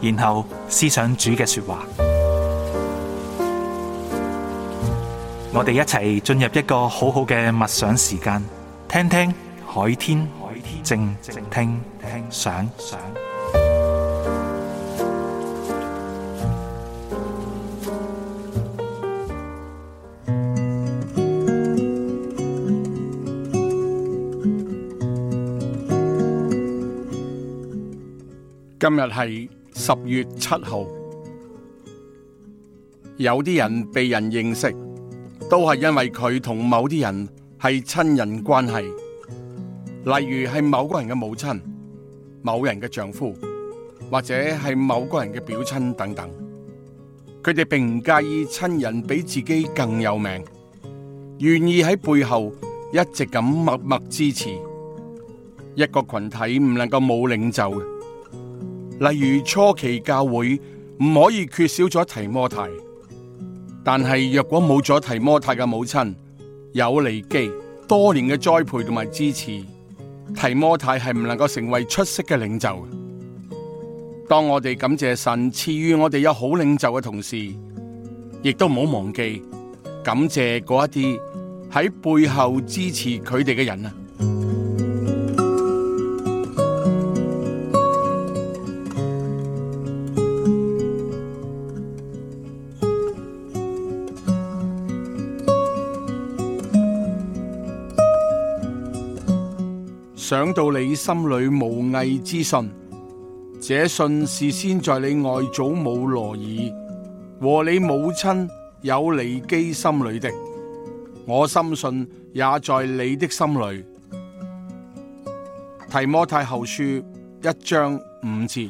然後思想主嘅說話，我哋一齊進入一個好好嘅默想時間，聽聽海天，靜靜聽聽想想。今日係。十月七號，有啲人被人認識，都係因為佢同某啲人係親人關係，例如係某個人嘅母親、某人嘅丈夫，或者係某個人嘅表親等等。佢哋並唔介意親人比自己更有名，願意喺背後一直咁默默支持。一個群體唔能夠冇領袖嘅。例如初期教會唔可以缺少咗提摩太，但係若果冇咗提摩太嘅母親友尼基多年嘅栽培同埋支持，提摩太係唔能夠成為出色嘅領袖。當我哋感謝神賜予我哋有好領袖嘅同時，亦都唔好忘記感謝嗰一啲喺背後支持佢哋嘅人啊！想到你心裏無偽之信，這信是先在你外祖母羅爾和你母親友尼基心裏的，我深信也在你的心裏。提摩太後書一章五節。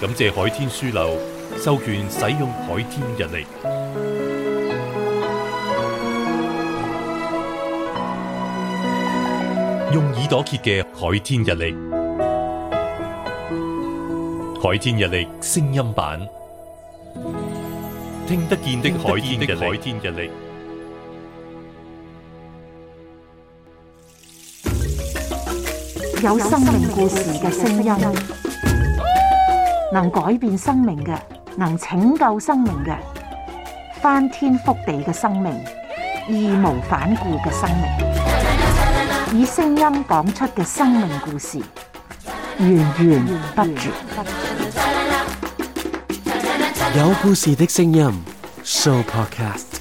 感謝海天書樓。授權使用海天日曆，用耳朵揭嘅海天日曆，海天日曆聲音版，聽得見的海天日曆，有生命故事嘅聲音，能改變生命嘅。能拯救生命嘅、翻天覆地嘅生命、義無反顧嘅生命，以聲音講出嘅生命故事，源源不絕。有故事的聲音，Sooo Podcast。